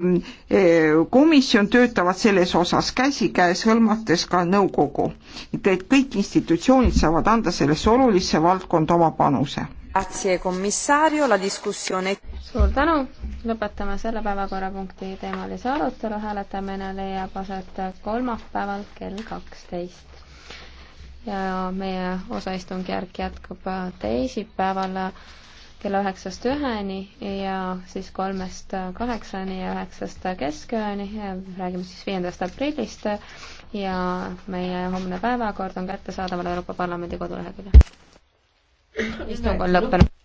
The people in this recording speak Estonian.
Ehm, komisjon töötavad selles osas käsikäes, hõlmates ka nõukogu. et kõik institutsioonid saavad anda sellesse olulisse valdkonda oma panuse. suur tänu, lõpetame selle päevakorrapunkti teemalise arutelu, hääletamine leiab aset kolmapäeval kell kaksteist. ja meie osaistungjärk jätkub teisipäeval kella üheksast üheni ja siis kolmest kaheksani ja üheksast keskööni, räägime siis viiendast aprillist ja meie homne päevakord on kättesaadaval Euroopa Parlamendi koduleheküljel. istung on lõppenud.